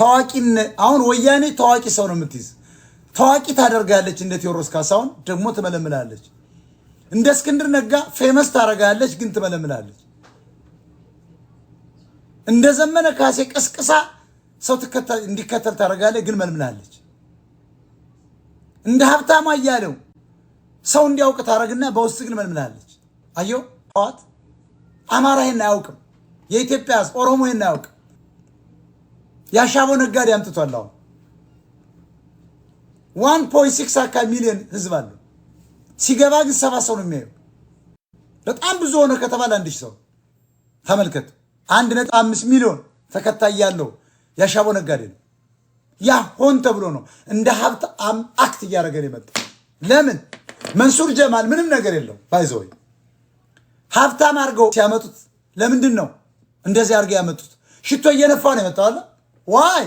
ታዋቂ አሁን ወያኔ ታዋቂ ሰው ነው የምትይዝ ታዋቂ ታደርጋለች። እንደ ቴዎድሮስ ካሳሁን ደግሞ ትመለምላለች። እንደ እስክንድር ነጋ ፌመስ ታደርጋለች፣ ግን ትመለምላለች። እንደ ዘመነ ካሴ ቀስቅሳ ሰው እንዲከተል ታደርጋለች፣ ግን መልምላለች። እንደ ሀብታማ እያለው ሰው እንዲያውቅ ታደርግና በውስጥ ግን መልምላለች። አየው ጠዋት አማራ ይሄን አያውቅም። የኢትዮጵያ ኦሮሞ ይሄን አያውቅም። ያሻቦ ነጋዴ አምጥቷል። አሁን ዋን ፖይንት ሲክስ አካ ሚሊዮን ህዝብ አለው። ሲገባ ግን ሰባ ሰው ነው የሚያየው። በጣም ብዙ ሆነ ከተባለ አንድ ሰው ተመልከት። አንድ ነጥብ አምስት ሚሊዮን ተከታይ ያለው ያሻቦ ነጋዴ ነው። ያ ሆን ተብሎ ነው እንደ ሀብት አክት እያደረገ የመጣ ለምን መንሱር ጀማል ምንም ነገር የለው ባይዘወይ ሀብታም አድርገው ሲያመጡት ለምንድን ነው እንደዚህ አድርገው ያመጡት? ሽቶ እየነፋ ነው የመጣዋለ ዋይ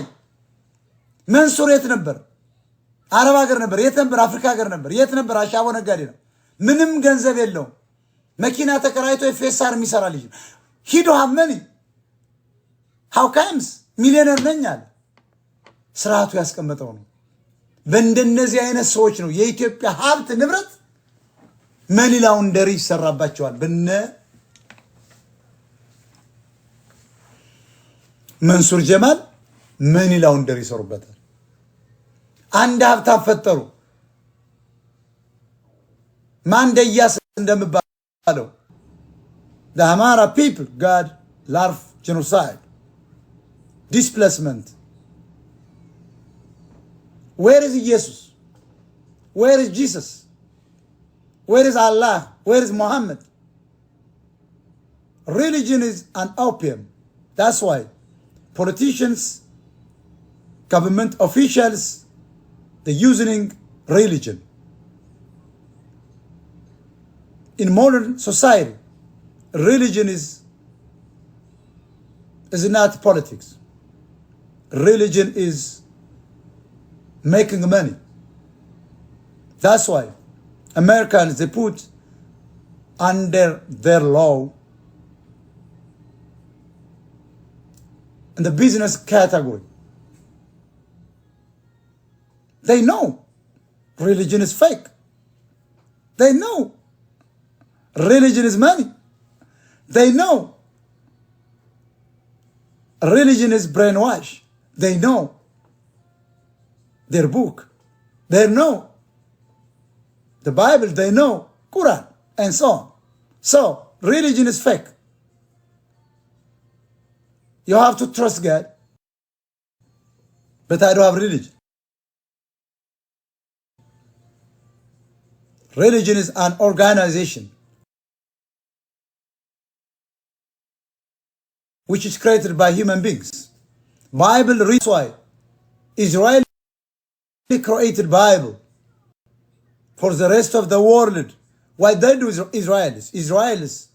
መንሱር የት ነበር? አረብ ሀገር ነበር። የት ነበር? አፍሪካ ሀገር ነበር። የት ነበር? አሻቦ ነጋዴ ነው። ምንም ገንዘብ የለውም። መኪና ተከራይቶ የፌሳር የሚሰራ ልጅ ነው። ሂዶ ሀመኒ ሀውካይምስ ሚሊዮነር ነኝ አለ። ስርዓቱ ያስቀመጠው ነው። በእንደነዚህ አይነት ሰዎች ነው የኢትዮጵያ ሀብት ንብረት መኒ ላውንደሪ ይሰራባቸዋል። በነ መንሱር ጀማል ምን ላውንደሪ ይሰሩበታል? አንድ ሀብታም ፈጠሩ። ማንደያስ እንደምባለው ለአማራ ፒፕል ጋድ ላርፍ ጄኖሳይድ ዲስፕሌስመንት ዌር ኢዝ ኢየሱስ ዌር ኢዝ ጂሰስ ዌር ኢዝ አላህ ዌር ኢዝ ሙሐመድ ሪሊጅን ኢዝ አን ኦፒየም ዳትስ ዋይ ፖለቲሽንስ government officials, the using religion. In modern society, religion is, is not politics. Religion is making money. That's why Americans, they put under their law in the business category. They know religion is fake. They know religion is money. They know religion is brainwash. They know their book. They know the Bible. They know Quran and so on. So religion is fake. You have to trust God. But I don't have religion. Religion is an organization which is created by human beings. Bible reads why Israel created Bible for the rest of the world. Why they do Israelis? Israelis,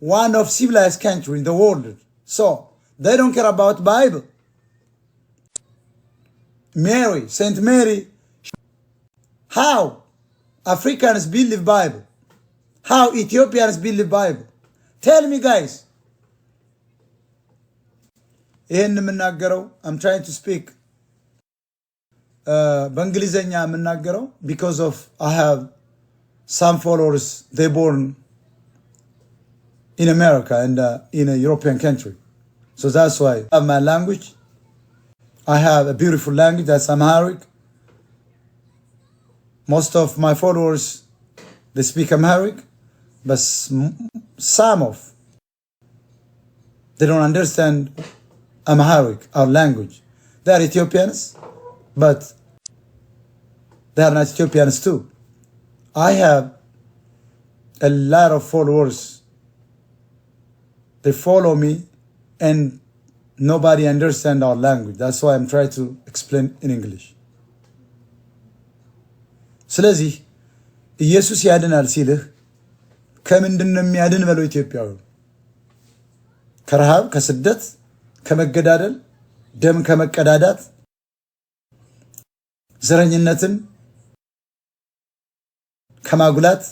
one of civilized country in the world. So they don't care about Bible. Mary, Saint Mary, how Africans believe Bible. How Ethiopians believe Bible. Tell me guys. I'm trying to speak ስፒክ uh, በእንግሊዝኛ የምናገረው because of I have some followers. They born in America and uh, in a European country. So that's why I have my language. I have a beautiful language that's Amharic most of my followers they speak Amharic but some of they don't understand Amharic our language they are Ethiopians but they are not Ethiopians too I have a lot of followers they follow me and nobody understand our language that's why I'm trying to explain in English ስለዚህ ኢየሱስ ያድናል ሲልህ ከምንድን ነው የሚያድን በለው። ኢትዮጵያዊ ከረሃብ፣ ከስደት፣ ከመገዳደል፣ ደም ከመቀዳዳት፣ ዘረኝነትን ከማጉላት፣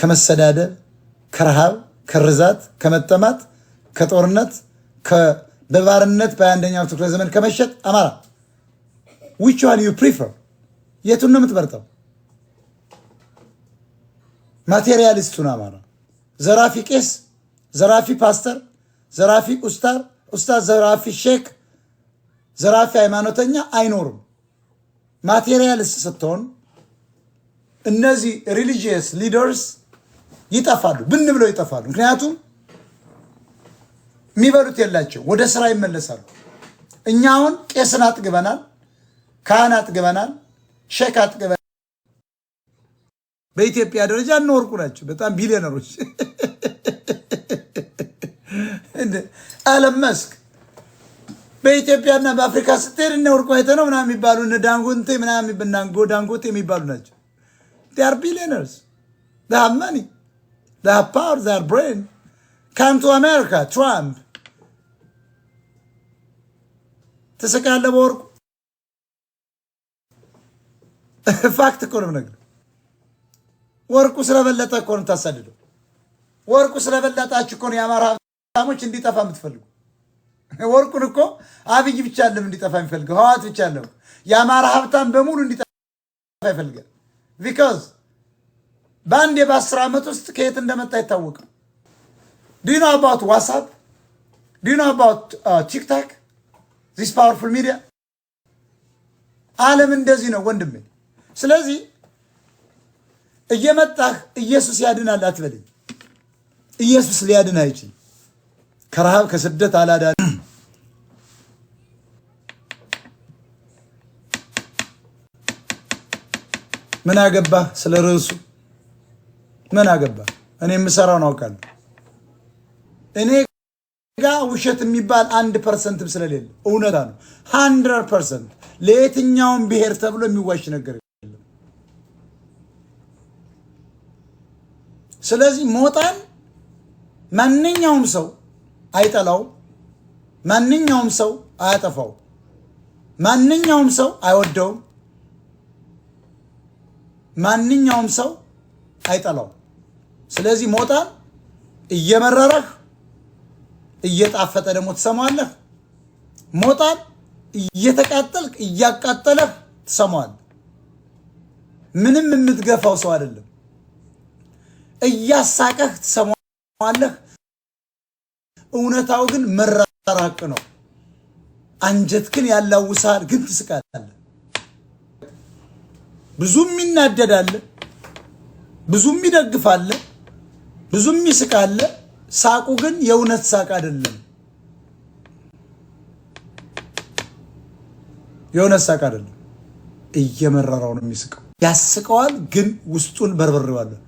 ከመሰዳደር ከረሃብ፣ ከርዛት፣ ከመጠማት፣ ከጦርነት፣ በባርነት በአንደኛው ክፍለ ዘመን ከመሸጥ አማራ ዊች ዋን ዩ ፕሪፈር የቱን ነው የምትመርጠው? ማቴሪያሊስቱ ና ማለት ዘራፊ ቄስ፣ ዘራፊ ፓስተር፣ ዘራፊ ኡስታር ኡስታዝ፣ ዘራፊ ሼክ፣ ዘራፊ ሃይማኖተኛ አይኖርም። ማቴሪያሊስት ስትሆን እነዚህ ሪሊጂየስ ሊደርስ ይጠፋሉ፣ ብን ብለው ይጠፋሉ። ምክንያቱም የሚበሉት የላቸው፣ ወደ ስራ ይመለሳሉ። እኛ አሁን ቄስን አጥግበናል፣ ካህን አጥግበናል፣ ሼክ አጥግበናል። በኢትዮጵያ ደረጃ እነወርቁ ናቸው። በጣም ቢሊዮነሮች አለም መስክ በኢትዮጵያና በአፍሪካ ስትሄድ እነወርቁ አይተ ነው ምና የሚባሉ እነ ዳንጎቴ ምናምን ዳንጎቴ የሚባሉ ናቸው። ር ቢሊዮነርስ ሀቭ መኒ ሀቭ ፓወር ር ብሬን ካምቱ አሜሪካ ትራምፕ ተሰቃለ በወርቁ ፋክት እኮ ነው የምነግርህ ወርቁ ስለበለጠ እኮ ነው የምታሳድደው። ወርቁ ስለበለጣችሁ እኮ ነው የአማራ ሀብታሞች እንዲጠፋ የምትፈልጉ። ወርቁን እኮ አብይ ብቻ አለም እንዲጠፋ የሚፈልገው ህዋት ብቻ አለም። የአማራ ሀብታም በሙሉ እንዲጠፋ ይፈልጋል። ቢካዝ በአንድ በአስር ዓመት ውስጥ ከየት እንደመጣ አይታወቅም። ዲኖ አባውት ዋትሳፕ ዲኖ አባውት ቲክታክ ዚስ ፓወርፉል ሚዲያ አለም እንደዚህ ነው ወንድሜ። ስለዚህ እየመጣህ ኢየሱስ ያድናል አትበልኝ። ኢየሱስ ሊያድን አይችልም። ከረሃብ ከስደት አላዳ ምን አገባ ስለ ርዕሱ ምን አገባ? እኔ የምሰራውን አውቃለሁ። እኔ ጋ ውሸት የሚባል አንድ ፐርሰንትም ስለሌለ እውነታ ነው። ሀንድረድ ፐርሰንት ለየትኛውም ብሔር ተብሎ የሚዋሽ ነገር ስለዚህ ሞጣን ማንኛውም ሰው አይጠላው ማንኛውም ሰው አያጠፋው ማንኛውም ሰው አይወደውም፣ ማንኛውም ሰው አይጠላው ስለዚህ ሞጣን እየመረረህ እየጣፈጠ ደግሞ ትሰማዋለህ። ሞጣን እየተቃጠልክ እያቃጠለህ ትሰማዋለህ። ምንም የምትገፋው ሰው አይደለም። እያሳቀህ ትሰማዋለህ። እውነታው ግን መራራቅ ነው። አንጀት ግን ያላውሳል፣ ግን ትስቃለ። ብዙም ይናደዳለ፣ ብዙም ይደግፋለ፣ ብዙም ይስቃለ። ሳቁ ግን የእውነት ሳቅ አይደለም፣ የእውነት ሳቅ አይደለም። እየመረራው ነው የሚስቀው። ያስቀዋል፣ ግን ውስጡን በርበሬዋለሁ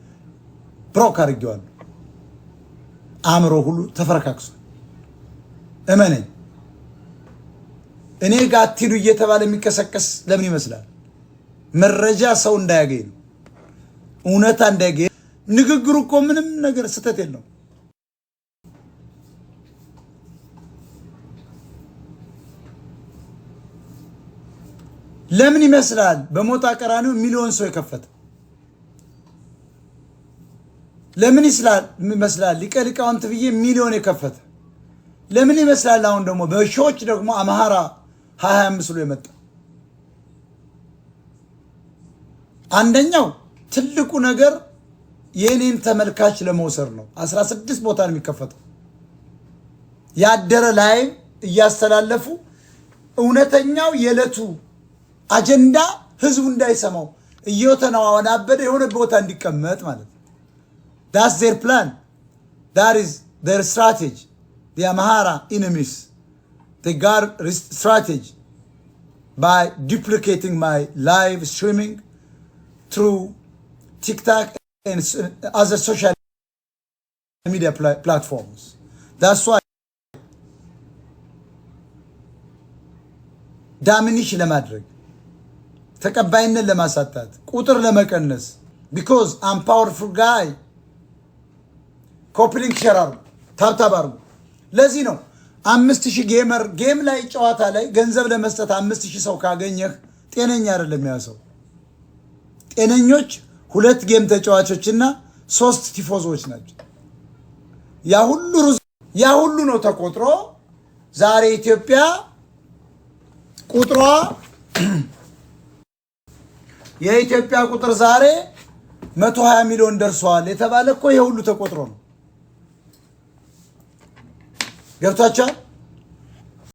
ብሮክ አድርጌዋለሁ። አእምሮ ሁሉ ተፈረካክሶ እመነኝ። እኔ ጋር አትሂዱ እየተባለ የሚቀሰቀስ ለምን ይመስላል? መረጃ ሰው እንዳያገኝ ነው፣ እውነታ እንዳያገኝ ንግግሩ እኮ ምንም ነገር ስህተት የለው? ለምን ይመስላል? በሞት ቀራኒው ሚሊዮን ሰው የከፈተ ለምን ይመስላል ሊቀ ሊቃውንት ብዬ ሚሊዮን የከፈተ ለምን ይመስላል? አሁን ደግሞ በሺዎች ደግሞ አምሃራ ሀያ አምስት ብሎ የመጣ አንደኛው ትልቁ ነገር የእኔን ተመልካች ለመውሰድ ነው። አስራ ስድስት ቦታ ነው የሚከፈተው ያደረ ላይ እያስተላለፉ እውነተኛው የዕለቱ አጀንዳ ህዝቡ እንዳይሰማው እየወተናዋን አበደ የሆነ ቦታ እንዲቀመጥ ማለት ነው። That's their plan. That is their strategy. The Amhara enemies, they got strategy by duplicating my live streaming through TikTok and other social media pl platforms. That's why ዳምኒሽ ለማድረግ ተቀባይነት ለማሳጣት ቁጥር because I'm powerful guy. ኮፕሊንግ ሸር አርጉ፣ ለዚህ ነው አምስት ሺህ ጌመር ጌም ላይ ጨዋታ ላይ ገንዘብ ለመስጠት አምስት ሺህ ሰው ካገኘህ ጤነኛ አይደለም ያሰው ጤነኞች ሁለት ጌም ተጫዋቾችና ሶስት ቲፎዞዎች ናቸው። ያ ሁሉ ያ ሁሉ ነው ተቆጥሮ ዛሬ ኢትዮጵያ ቁጥሯ የኢትዮጵያ ቁጥር ዛሬ መቶ ሀያ ሚሊዮን ደርሷል የተባለ እኮ የሁሉ ተቆጥሮ ነው። ገብቷቸዋል።